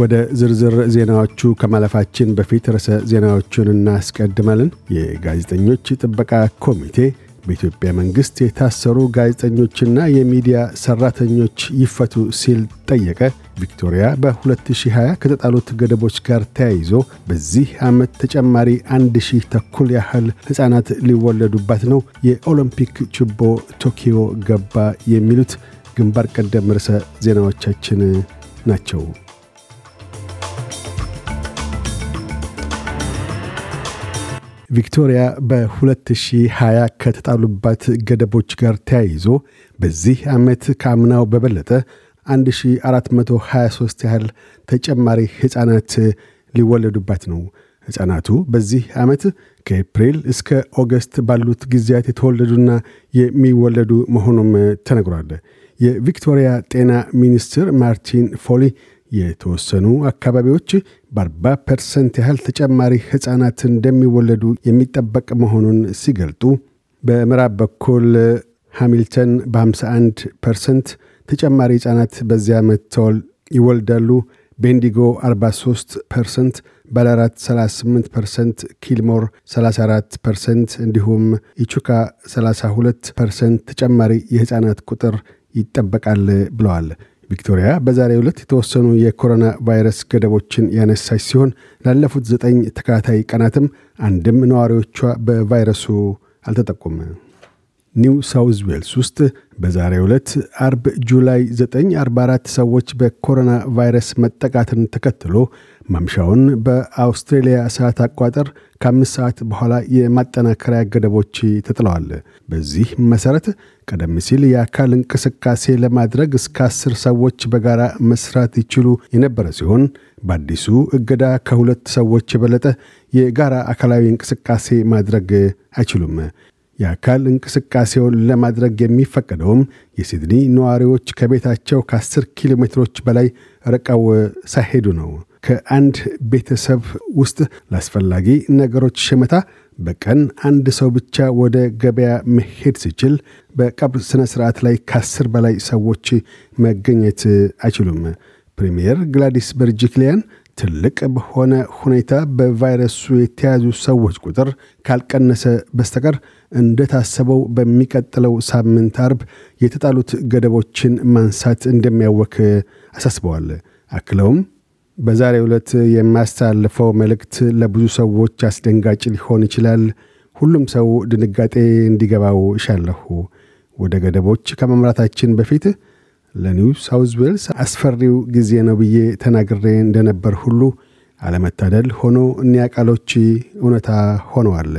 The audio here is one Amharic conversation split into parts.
ወደ ዝርዝር ዜናዎቹ ከማለፋችን በፊት ርዕሰ ዜናዎቹን እናስቀድማለን። የጋዜጠኞች ጥበቃ ኮሚቴ በኢትዮጵያ መንግሥት የታሰሩ ጋዜጠኞችና የሚዲያ ሠራተኞች ይፈቱ ሲል ጠየቀ። ቪክቶሪያ በ2020 ከተጣሉት ገደቦች ጋር ተያይዞ በዚህ ዓመት ተጨማሪ አንድ ሺህ ተኩል ያህል ሕፃናት ሊወለዱባት ነው። የኦሎምፒክ ችቦ ቶኪዮ ገባ። የሚሉት ግንባር ቀደም ርዕሰ ዜናዎቻችን ናቸው። ቪክቶሪያ በ2020 ከተጣሉባት ገደቦች ጋር ተያይዞ በዚህ ዓመት ከአምናው በበለጠ 1423 ያህል ተጨማሪ ሕፃናት ሊወለዱባት ነው። ሕፃናቱ በዚህ ዓመት ከኤፕሪል እስከ ኦገስት ባሉት ጊዜያት የተወለዱና የሚወለዱ መሆኑም ተነግሯል። የቪክቶሪያ ጤና ሚኒስትር ማርቲን ፎሊ የተወሰኑ አካባቢዎች በ40 ፐርሰንት ያህል ተጨማሪ ሕፃናት እንደሚወለዱ የሚጠበቅ መሆኑን ሲገልጡ በምዕራብ በኩል ሃሚልተን በ51 ፐርሰንት ተጨማሪ ሕፃናት በዚያ ዓመት ይወልዳሉ። ቤንዲጎ 43 ፐርሰንት፣ ባላራት 38 ፐርሰንት፣ ኪልሞር 34 ፐርሰንት እንዲሁም ኢቹካ 32 ፐርሰንት ተጨማሪ የሕፃናት ቁጥር ይጠበቃል ብለዋል። ቪክቶሪያ በዛሬ ዕለት የተወሰኑ የኮሮና ቫይረስ ገደቦችን ያነሳች ሲሆን ላለፉት ዘጠኝ ተከታታይ ቀናትም አንድም ነዋሪዎቿ በቫይረሱ አልተጠቁም። ኒው ሳውዝ ዌልስ ውስጥ በዛሬ ዕለት አርብ ጁላይ 944 ሰዎች በኮሮና ቫይረስ መጠቃትን ተከትሎ ማምሻውን በአውስትሬልያ ሰዓት አቋጠር ከአምስት ሰዓት በኋላ የማጠናከሪያ ገደቦች ተጥለዋል። በዚህ መሠረት ቀደም ሲል የአካል እንቅስቃሴ ለማድረግ እስከ አስር ሰዎች በጋራ መስራት ይችሉ የነበረ ሲሆን በአዲሱ እገዳ ከሁለት ሰዎች የበለጠ የጋራ አካላዊ እንቅስቃሴ ማድረግ አይችሉም። የአካል እንቅስቃሴውን ለማድረግ የሚፈቀደውም የሲድኒ ነዋሪዎች ከቤታቸው ከ10 ኪሎ ሜትሮች በላይ ርቀው ሳይሄዱ ነው። ከአንድ ቤተሰብ ውስጥ ለአስፈላጊ ነገሮች ሽመታ በቀን አንድ ሰው ብቻ ወደ ገበያ መሄድ ሲችል በቀብር ሥነ ሥርዓት ላይ ከአስር በላይ ሰዎች መገኘት አይችሉም። ፕሪምየር ግላዲስ በርጅክሊያን ትልቅ በሆነ ሁኔታ በቫይረሱ የተያዙ ሰዎች ቁጥር ካልቀነሰ በስተቀር እንደታሰበው በሚቀጥለው ሳምንት አርብ የተጣሉት ገደቦችን ማንሳት እንደሚያወክ አሳስበዋል። አክለውም በዛሬ ዕለት የማስተላልፈው መልእክት ለብዙ ሰዎች አስደንጋጭ ሊሆን ይችላል። ሁሉም ሰው ድንጋጤ እንዲገባው እሻለሁ። ወደ ገደቦች ከመምራታችን በፊት ለኒው ሳውዝ ዌልስ አስፈሪው ጊዜ ነው ብዬ ተናግሬ እንደነበር ሁሉ አለመታደል ሆኖ እኒያ ቃሎች እውነታ ሆነዋል።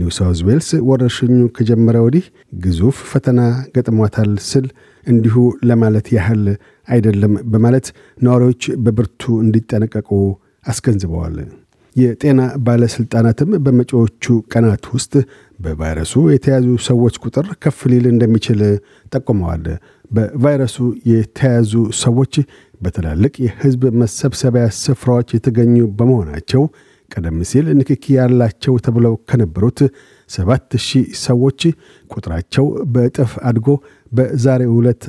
ኒው ሳውዝ ዌልስ ወረርሽኙ ከጀመረ ወዲህ ግዙፍ ፈተና ገጥሟታል ስል እንዲሁ ለማለት ያህል አይደለም በማለት ነዋሪዎች በብርቱ እንዲጠነቀቁ አስገንዝበዋል። የጤና ባለሥልጣናትም በመጪዎቹ ቀናት ውስጥ በቫይረሱ የተያዙ ሰዎች ቁጥር ከፍ ሊል እንደሚችል ጠቁመዋል። በቫይረሱ የተያዙ ሰዎች በትላልቅ የህዝብ መሰብሰቢያ ስፍራዎች የተገኙ በመሆናቸው ቀደም ሲል ንክኪ ያላቸው ተብለው ከነበሩት 7000 ሰዎች ቁጥራቸው በእጥፍ አድጎ በዛሬ ዕለት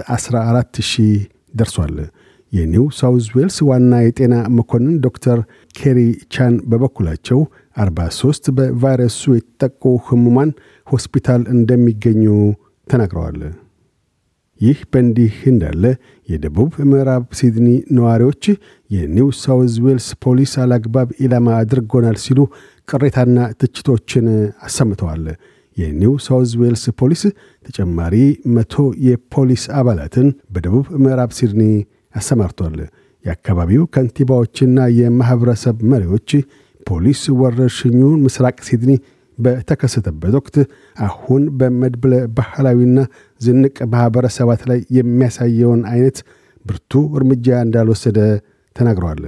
ሺህ ደርሷል። የኒው ሳውዝ ዌልስ ዋና የጤና መኮንን ዶክተር ኬሪ ቻን በበኩላቸው 43 በቫይረሱ የተጠቁ ህሙማን ሆስፒታል እንደሚገኙ ተናግረዋል። ይህ በእንዲህ እንዳለ የደቡብ ምዕራብ ሲድኒ ነዋሪዎች የኒው ሳውዝ ዌልስ ፖሊስ አላግባብ ኢላማ አድርጎናል ሲሉ ቅሬታና ትችቶችን አሰምተዋል። የኒው ሳውዝ ዌልስ ፖሊስ ተጨማሪ መቶ የፖሊስ አባላትን በደቡብ ምዕራብ ሲድኒ አሰማርቷል። የአካባቢው ከንቲባዎችና የማኅበረሰብ መሪዎች ፖሊስ ወረርሽኙን ምስራቅ ሲድኒ በተከሰተበት ወቅት አሁን በመድብለ ባህላዊና ዝንቅ ማኅበረሰባት ላይ የሚያሳየውን አይነት ብርቱ እርምጃ እንዳልወሰደ ተናግረዋል።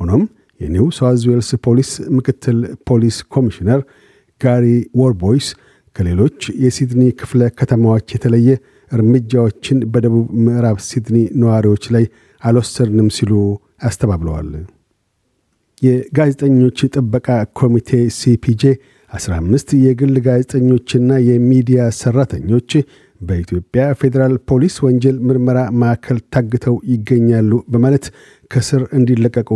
ሆኖም የኒው ሳውዝ ዌልስ ፖሊስ ምክትል ፖሊስ ኮሚሽነር ጋሪ ወርቦይስ ከሌሎች የሲድኒ ክፍለ ከተማዎች የተለየ እርምጃዎችን በደቡብ ምዕራብ ሲድኒ ነዋሪዎች ላይ አልወሰድንም ሲሉ አስተባብለዋል። የጋዜጠኞች ጥበቃ ኮሚቴ ሲፒጄ 15 የግል ጋዜጠኞችና የሚዲያ ሰራተኞች በኢትዮጵያ ፌዴራል ፖሊስ ወንጀል ምርመራ ማዕከል ታግተው ይገኛሉ በማለት ከስር እንዲለቀቁ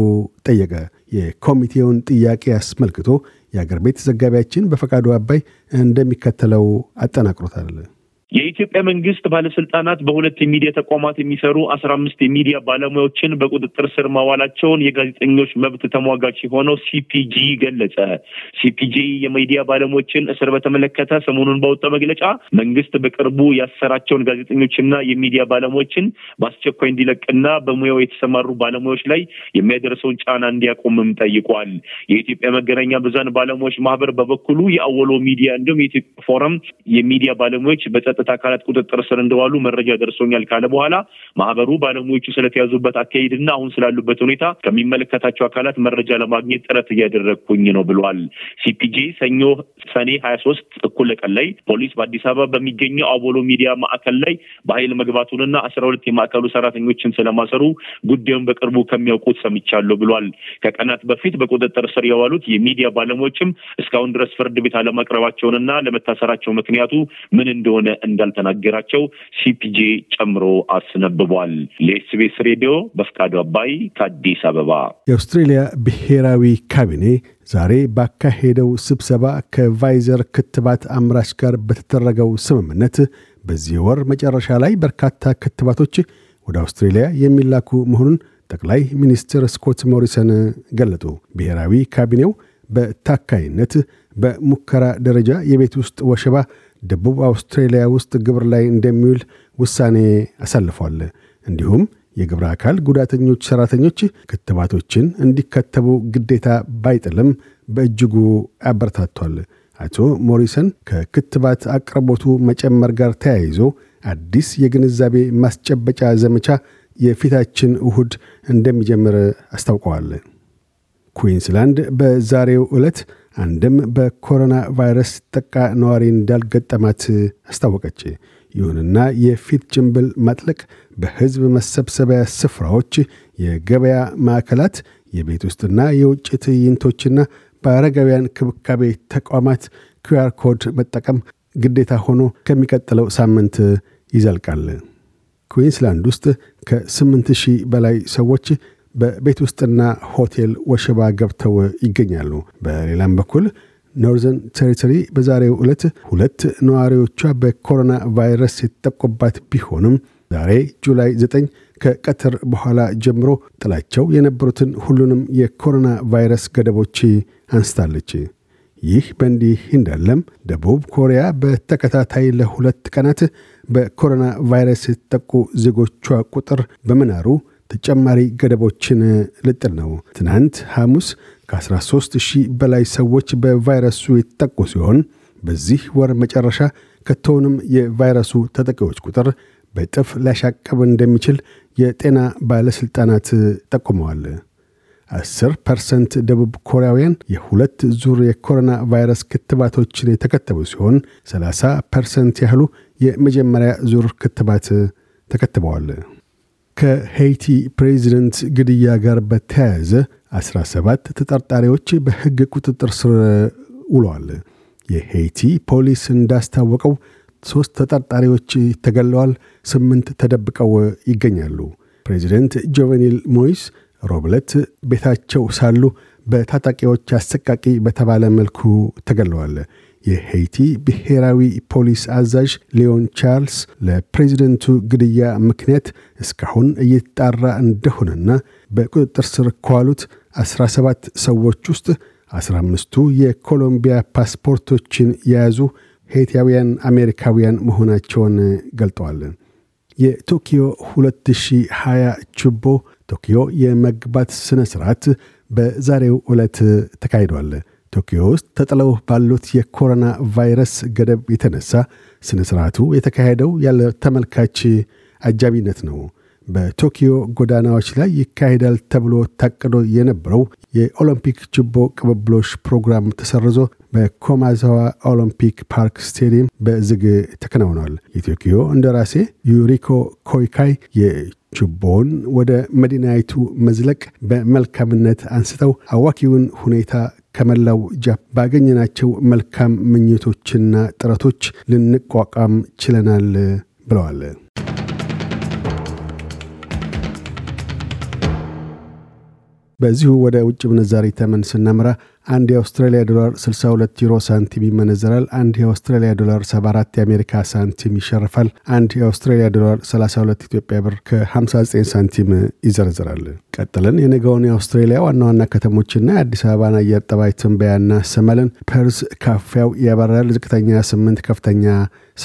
ጠየቀ። የኮሚቴውን ጥያቄ አስመልክቶ የአገር ቤት ዘጋቢያችን በፈቃዱ አባይ እንደሚከተለው አጠናቅሮታል። የኢትዮጵያ መንግስት ባለስልጣናት በሁለት የሚዲያ ተቋማት የሚሰሩ አስራ አምስት የሚዲያ ባለሙያዎችን በቁጥጥር ስር ማዋላቸውን የጋዜጠኞች መብት ተሟጋች የሆነው ሲፒጂ ገለጸ። ሲፒጂ የሚዲያ ባለሙያዎችን እስር በተመለከተ ሰሞኑን ባወጣው መግለጫ መንግስት በቅርቡ ያሰራቸውን ጋዜጠኞችና የሚዲያ ባለሙያዎችን በአስቸኳይ እንዲለቅና በሙያው የተሰማሩ ባለሙያዎች ላይ የሚያደርሰውን ጫና እንዲያቆምም ጠይቋል። የኢትዮጵያ መገናኛ ብዙሃን ባለሙያዎች ማህበር በበኩሉ የአወሎ ሚዲያ እንዲሁም የኢትዮጵያ ፎረም የሚዲያ ባለሙያዎች በጠ በጸጥታ አካላት ቁጥጥር ስር እንደዋሉ መረጃ ደርሶኛል ካለ በኋላ ማህበሩ ባለሙያዎቹ ስለተያዙበት አካሄድና አሁን ስላሉበት ሁኔታ ከሚመለከታቸው አካላት መረጃ ለማግኘት ጥረት እያደረግኩኝ ነው ብሏል። ሲፒጄ ሰኞ ሰኔ ሀያ ሶስት እኩለ ቀን ላይ ፖሊስ በአዲስ አበባ በሚገኘው አቦሎ ሚዲያ ማዕከል ላይ በኃይል መግባቱንና አስራ ሁለት የማዕከሉ ሰራተኞችን ስለማሰሩ ጉዳዩን በቅርቡ ከሚያውቁት ሰምቻለሁ ብሏል። ከቀናት በፊት በቁጥጥር ስር የዋሉት የሚዲያ ባለሙያዎችም እስካሁን ድረስ ፍርድ ቤት አለማቅረባቸውንና ለመታሰራቸው ምክንያቱ ምን እንደሆነ እንዳልተናገራቸው ሲፒጄ ጨምሮ አስነብቧል። ለኤስቤስ ሬዲዮ በፍቃዱ አባይ ከአዲስ አበባ። የአውስትሬሊያ ብሔራዊ ካቢኔ ዛሬ ባካሄደው ስብሰባ ከቫይዘር ክትባት አምራች ጋር በተደረገው ስምምነት በዚህ ወር መጨረሻ ላይ በርካታ ክትባቶች ወደ አውስትሬልያ የሚላኩ መሆኑን ጠቅላይ ሚኒስትር ስኮት ሞሪሰን ገለጡ። ብሔራዊ ካቢኔው በታካይነት በሙከራ ደረጃ የቤት ውስጥ ወሸባ ደቡብ አውስትሬልያ ውስጥ ግብር ላይ እንደሚውል ውሳኔ አሳልፏል። እንዲሁም የግብረ አካል ጉዳተኞች ሰራተኞች ክትባቶችን እንዲከተቡ ግዴታ ባይጥልም በእጅጉ አበረታቷል። አቶ ሞሪሰን ከክትባት አቅርቦቱ መጨመር ጋር ተያይዞ አዲስ የግንዛቤ ማስጨበጫ ዘመቻ የፊታችን እሁድ እንደሚጀምር አስታውቀዋል። ኩንስላንድ በዛሬው ዕለት አንድም በኮሮና ቫይረስ ጠቃ ነዋሪ እንዳልገጠማት አስታወቀች። ይሁንና የፊት ጭንብል ማጥለቅ በሕዝብ መሰብሰቢያ ስፍራዎች፣ የገበያ ማዕከላት፣ የቤት ውስጥና የውጭ ትዕይንቶችና በአረጋውያን ክብካቤ ተቋማት ኪውአር ኮድ መጠቀም ግዴታ ሆኖ ከሚቀጥለው ሳምንት ይዘልቃል። ኩዊንስላንድ ውስጥ ከ8 በላይ ሰዎች በቤት ውስጥና ሆቴል ወሸባ ገብተው ይገኛሉ። በሌላም በኩል ኖርዘርን ቴሪተሪ በዛሬው ዕለት ሁለት ነዋሪዎቿ በኮሮና ቫይረስ የተጠቁባት ቢሆንም ዛሬ ጁላይ 9 ከቀትር በኋላ ጀምሮ ጥላቸው የነበሩትን ሁሉንም የኮሮና ቫይረስ ገደቦች አንስታለች። ይህ በእንዲህ እንዳለም ደቡብ ኮሪያ በተከታታይ ለሁለት ቀናት በኮሮና ቫይረስ የተጠቁ ዜጎቿ ቁጥር በመናሩ ተጨማሪ ገደቦችን ልጥል ነው። ትናንት ሐሙስ ከ13 ሺህ በላይ ሰዎች በቫይረሱ የተጠቁ ሲሆን በዚህ ወር መጨረሻ ከቶውንም የቫይረሱ ተጠቂዎች ቁጥር በጥፍ ሊያሻቀብ እንደሚችል የጤና ባለሥልጣናት ጠቁመዋል። 10 ፐርሰንት ደቡብ ኮሪያውያን የሁለት ዙር የኮሮና ቫይረስ ክትባቶችን የተከተቡ ሲሆን 30 ፐርሰንት ያህሉ የመጀመሪያ ዙር ክትባት ተከትበዋል። ከሄይቲ ፕሬዚደንት ግድያ ጋር በተያያዘ 17 ተጠርጣሪዎች በሕግ ቁጥጥር ስር ውለዋል። የሄይቲ ፖሊስ እንዳስታወቀው ሦስት ተጠርጣሪዎች ተገለዋል፣ ስምንት ተደብቀው ይገኛሉ። ፕሬዚደንት ጆቬኒል ሞይስ ሮብለት ቤታቸው ሳሉ በታጣቂዎች አሰቃቂ በተባለ መልኩ ተገለዋል። የሄይቲ ብሔራዊ ፖሊስ አዛዥ ሊዮን ቻርልስ ለፕሬዚደንቱ ግድያ ምክንያት እስካሁን እየተጣራ እንደሆነና በቁጥጥር ስር ከዋሉት 17 ሰዎች ውስጥ 15ቱ የኮሎምቢያ ፓስፖርቶችን የያዙ ሄይቲያውያን አሜሪካውያን መሆናቸውን ገልጠዋል። የቶኪዮ 2020 ችቦ ቶኪዮ የመግባት ሥነ ሥርዓት በዛሬው ዕለት ተካሂዷል። ቶኪዮ ውስጥ ተጥለው ባሉት የኮሮና ቫይረስ ገደብ የተነሳ ስነ የተካሄደው ያለ ተመልካች አጃቢነት ነው። በቶኪዮ ጎዳናዎች ላይ ይካሄዳል ተብሎ ታቅዶ የነበረው የኦሎምፒክ ችቦ ቅብብሎሽ ፕሮግራም ተሰርዞ በኮማዛዋ ኦሎምፒክ ፓርክ ስቴዲየም በዝግ ተከናውኗል። የቶኪዮ እንደራሴ ዩሪኮ ኮይካይ የችቦውን ወደ መዲናይቱ መዝለቅ በመልካምነት አንስተው አዋኪውን ሁኔታ ከመላው ጃፕ ባገኘናቸው መልካም ምኞቶችና ጥረቶች ልንቋቋም ችለናል ብለዋል። በዚሁ ወደ ውጭ ምንዛሪ ተመን ስናምራ አንድ የአውስትራሊያ ዶላር 62 ዩሮ ሳንቲም ይመነዘራል። አንድ የአውስትራሊያ ዶላር 74 የአሜሪካ ሳንቲም ይሸርፋል። አንድ የአውስትራሊያ ዶላር 32 ኢትዮጵያ ብር ከ59 ሳንቲም ይዘረዝራል። ቀጥለን የነገውን የአውስትሬሊያ ዋና ዋና ከተሞችና የአዲስ አበባን አየር ጠባይ ትንበያና ሰመልን ፐርስ ካፊያው ያበራል። ዝቅተኛ 8 ከፍተኛ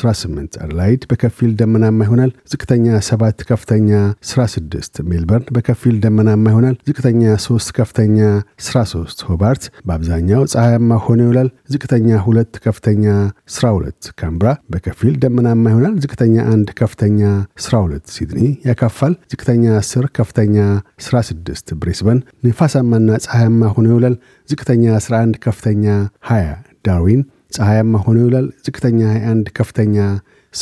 8 አደላይድ በከፊል ደመናማ ይሆናል። ዝቅተኛ 7 ከፍተኛ 6 ሜልበርን በከፊል ደመናማ ይሆናል። ዝቅተኛ 3 ከፍተኛ 3 ሆባርት በአብዛኛው ፀሐያማ ሆኖ ይውላል። ዝቅተኛ ሁለት ከፍተኛ ስራ ሁለት ካምብራ በከፊል ደመናማ ይሆናል። ዝቅተኛ አንድ ከፍተኛ ስራ ሁለት ሲድኒ ያካፋል። ዝቅተኛ አስር ከፍተኛ ስራ ስድስት ብሬስበን ነፋሳማና ፀሐያማ ሆኖ ይውላል። ዝቅተኛ 11 ከፍተኛ 20 ዳርዊን ፀሐያማ ሆኖ ይውላል። ዝቅተኛ 21 ከፍተኛ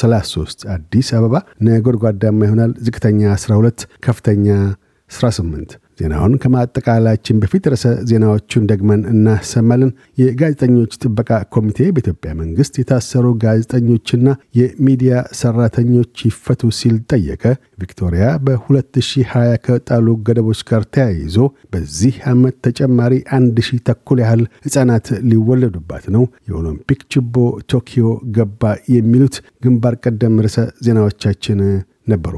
33 አዲስ አበባ ነጎድጓዳማ ይሆናል። ዝቅተኛ 12 ከፍተኛ 18 ዜናውን ከማጠቃላችን በፊት ርዕሰ ዜናዎቹን ደግመን እናሰማለን። የጋዜጠኞች ጥበቃ ኮሚቴ በኢትዮጵያ መንግስት የታሰሩ ጋዜጠኞችና የሚዲያ ሰራተኞች ይፈቱ ሲል ጠየቀ። ቪክቶሪያ በ2020 ከጣሉ ገደቦች ጋር ተያይዞ በዚህ ዓመት ተጨማሪ አንድ ሺህ ተኩል ያህል ሕፃናት ሊወለዱባት ነው። የኦሎምፒክ ችቦ ቶኪዮ ገባ። የሚሉት ግንባር ቀደም ርዕሰ ዜናዎቻችን ነበሩ።